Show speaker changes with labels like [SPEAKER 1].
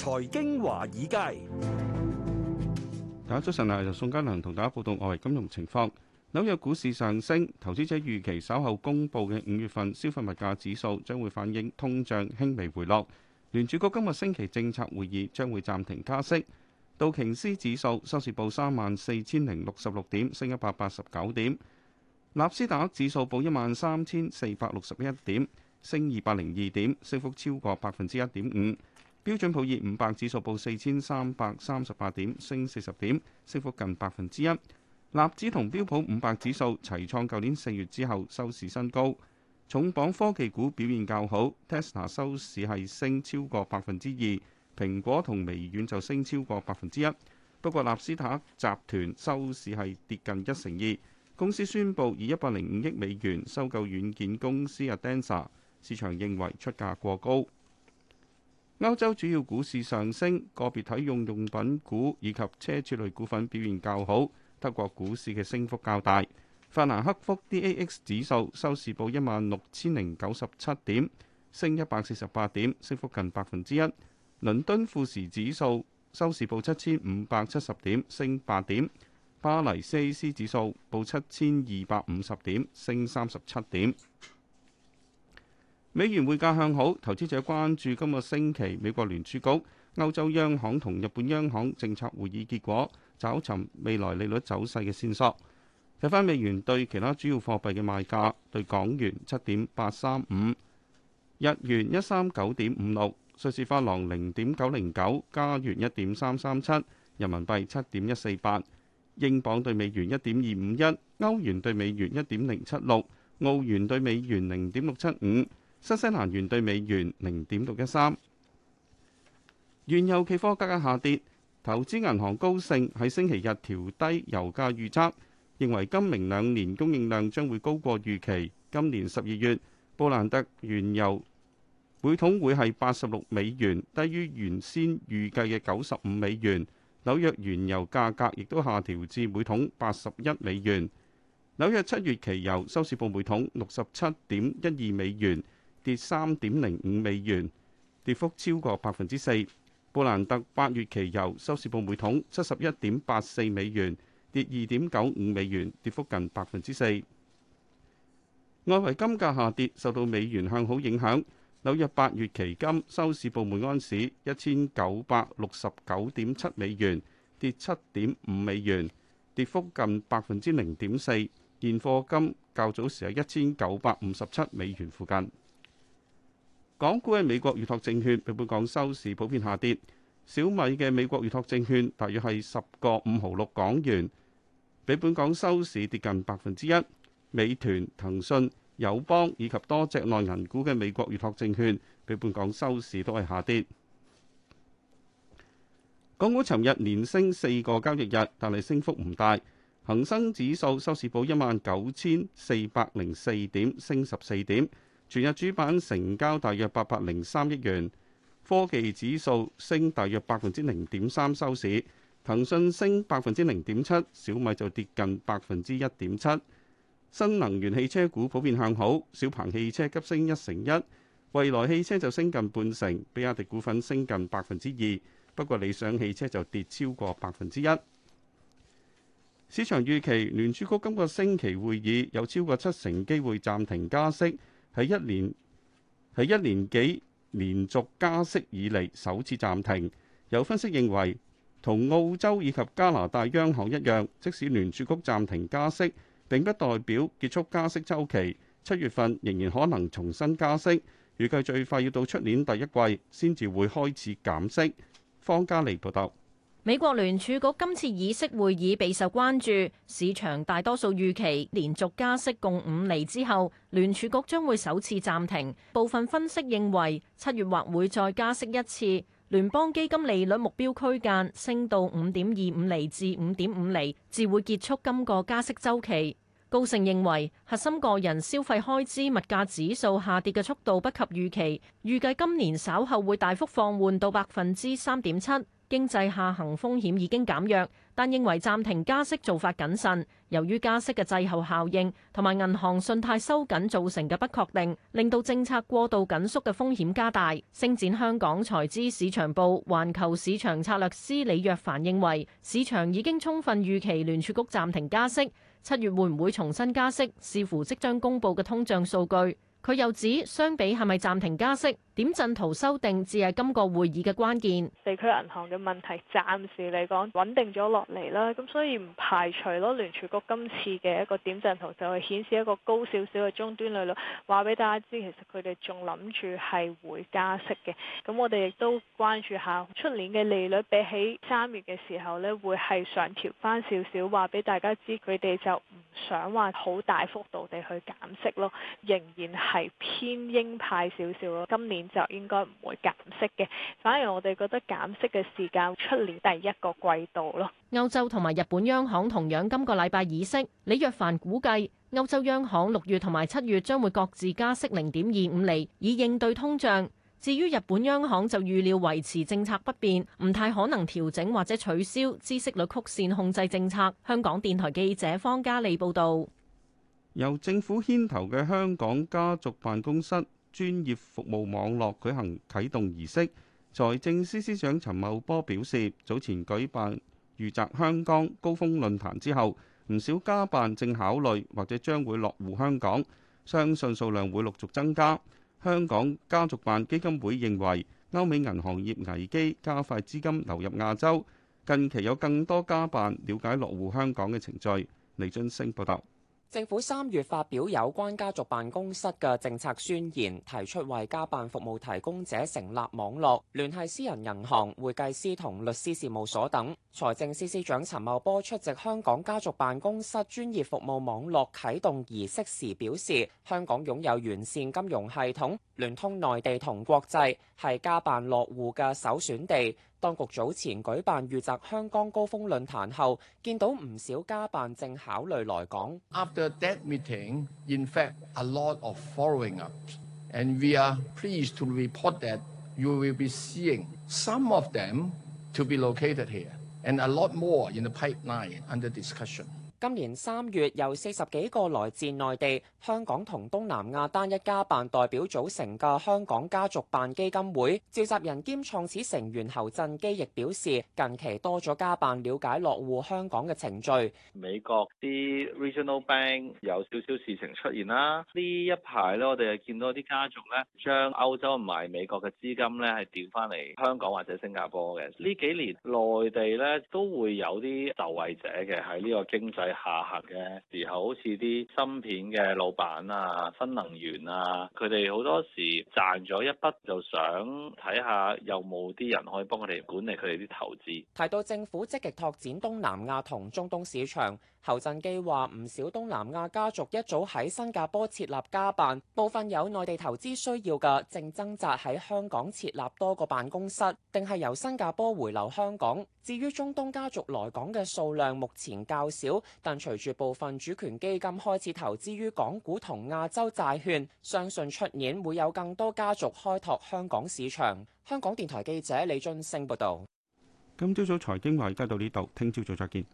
[SPEAKER 1] 財經
[SPEAKER 2] 華爾街，
[SPEAKER 1] 大家早晨啊！由宋嘉良同大家報道外圍金融情況。紐約股市上升，投資者預期稍後公布嘅五月份消費物價指數將會反映通脹輕微回落。聯儲局今日星期政策會議將會暫停加息。道瓊斯指數收市報三萬四千零六十六點，升一百八十九點。納斯達克指數報一萬三千四百六十一點，升二百零二點，升幅超過百分之一點五。標準普爾五百指數報四千三百三十八點，升四十點，升幅近百分之一。納指同標普五百指數齊創舊年四月之後收市新高。重磅科技股表現較好，Tesla 收市係升超過百分之二，蘋果同微軟就升超過百分之一。不過納斯達克集團收市係跌近一成二，公司宣布以一百零五億美元收購軟件公司 Adenza，市場認為出價過高。歐洲主要股市上升，個別體用用品股以及奢侈類股份表現較好。德國股市嘅升幅較大，法蘭克福 DAX 指數收市報一萬六千零九十七點，升一百四十八點，升幅近百分之一。倫敦富時指數收市報七千五百七十點，升八點。巴黎 CAC 指數報七千二百五十點，升三十七點。美元匯價向好，投資者關注今個星期美國聯儲局、歐洲央行同日本央行政策會議結果，找尋未來利率走勢嘅線索。睇翻美元對其他主要貨幣嘅賣價：對港元七點八三五，日元一三九點五六，瑞士法郎零點九零九，加元一點三三七，人民幣七點一四八，英鎊對美元一點二五一，歐元對美元一點零七六，澳元對美元零點六七五。新西蘭元兌美元零點六一三，原油期貨價格下跌。投資銀行高盛喺星期日調低油價預測，認為今明兩年供應量將會高過預期。今年十二月布蘭特原油每桶會係八十六美元，低於原先預計嘅九十五美元。紐約原油價格亦都下調至每桶八十一美元。紐約七月期油收市報每桶六十七點一二美元。跌三點零五美元，跌幅超過百分之四。布蘭特八月期油收市報每桶七十一點八四美元，跌二點九五美元，跌幅近百分之四。外圍金價下跌，受到美元向好影響。紐約八月期金收市報每安士一千九百六十九點七美元，跌七點五美元，跌幅近百分之零點四。現貨金較早時喺一千九百五十七美元附近。港股嘅美國預託證券比本港收市普遍下跌，小米嘅美國預託證券大約係十個五毫六港元，比本港收市跌近百分之一。美團、騰訊、友邦以及多隻內銀股嘅美國預託證券比本港收市都係下跌。港股尋日連升四個交易日，但係升幅唔大。恒生指數收市報一萬九千四百零四點，升十四點。全日主板成交大約八百零三億元，科技指數升大約百分之零點三收市。騰訊升百分之零點七，小米就跌近百分之一點七。新能源汽車股普遍向好，小鵬汽車急升一成一，蔚來汽車就升近半成，比亞迪股份升近百分之二。不過理想汽車就跌超過百分之一。市場預期聯儲局今個星期會議有超過七成機會暫停加息。喺一年喺一年幾連續加息以嚟，首次暫停。有分析認為，同澳洲以及加拿大央行一樣，即使聯儲局暫停加息，並不代表結束加息週期。七月份仍然可能重新加息，預計最快要到出年第一季先至會開始減息。方嘉利報道。
[SPEAKER 2] 美國聯儲局今次議息會議備受關注，市場大多數預期連續加息共五厘之後，聯儲局將會首次暫停。部分分析認為，七月或會再加息一次，聯邦基金利率目標區間升到五點二五厘至五點五厘，至會結束今個加息週期。高盛認為，核心個人消費開支物價指數下跌嘅速度不及預期，預計今年稍後會大幅放緩到百分之三點七。經濟下行風險已經減弱，但認為暫停加息做法謹慎。由於加息嘅滯後效應同埋銀行信貸收緊造成嘅不確定，令到政策過度緊縮嘅風險加大。星展香港財資市場部環球市場策略師李若凡認為，市場已經充分預期聯儲局暫停加息，七月會唔會重新加息，視乎即將公佈嘅通脹數據。佢又指，相比係咪暫停加息，點陣圖修訂，至係今個會議嘅關鍵。地區銀行嘅問題暫時嚟講穩定咗落嚟啦，咁所以唔排除咯，聯儲局今次嘅一個點陣圖就會顯示一個高少少嘅終端利率。話俾大家知，其實，佢哋仲諗住係會加息嘅。咁我哋亦都關注下出年嘅利率比起三月嘅時候咧，會係上調翻少少。話俾大家知，佢哋就想話好大幅度地去減息咯，仍然係偏鷹派少少咯。今年就應該唔會減息嘅，反而我哋覺得減息嘅時間出年第一個季度咯。歐洲同埋日本央行同樣今個禮拜議息，李若凡估計歐洲央行六月同埋七月將會各自加息零點二五厘，以應對通脹。至於日本央行就預料維持政策不變，唔太可能調整或者取消孳息率曲線控制政策。香港電台記者方嘉莉報道，
[SPEAKER 1] 由政府牽頭嘅香港家族辦公室專業服務網絡舉行啟動儀式。財政司司長陳茂波表示，早前舉辦裕澤香江高峰論壇之後，唔少家辦正考慮或者將會落戶香港，相信數量會陸續增加。香港家族辦基金會認為，歐美銀行業危機加快資金流入亞洲，近期有更多家辦了解落戶香港嘅程序。李津升報道。
[SPEAKER 3] 政府三月發表有關家族辦公室嘅政策宣言，提出為家辦服務提供者成立網絡、聯繫私人銀行、會計師同律師事務所等。財政司司長陳茂波出席香港家族辦公室專業服務網絡啟動儀式時表示，香港擁有完善金融系統，聯通內地同國際，係家辦落戶嘅首選地。當局早前舉辦預集香港高峰論壇後，見到唔少家辦正考慮來港。今年三月，由四十幾個來自內地、香港同東南亞單一家辦代表組成嘅香港家族辦基金會召集人兼創始成員侯振基亦表示，近期多咗家辦了解落戶香港嘅程序。
[SPEAKER 1] 美國啲 Regional Bank 有少少事情出現啦，呢一排咧，我哋係見到啲家族咧，將歐洲同埋美國嘅資金咧係調翻嚟香港或者新加坡嘅。呢幾年內地咧都會有啲受惠者嘅喺呢個經濟。下核嘅時候，好似啲芯片嘅老闆啊、新能源啊，佢哋好多時賺咗一筆，就想睇下有冇啲人可以幫佢哋管理佢哋啲投
[SPEAKER 3] 資。提到政府積極拓展東南亞同中東市場，侯振基話：唔少東南亞家族一早喺新加坡設立家辦，部分有內地投資需要嘅，正掙扎喺香港設立多個辦公室，定係由新加坡回流香港。至於中東家族來港嘅數量目前較少，但隨住部分主權基金開始投資於港股同亞洲債券，相信出年會有更多家族開拓香港市場。香港電台記者李俊升報道。
[SPEAKER 1] 今朝早財經話而家到呢度，聽朝早再見。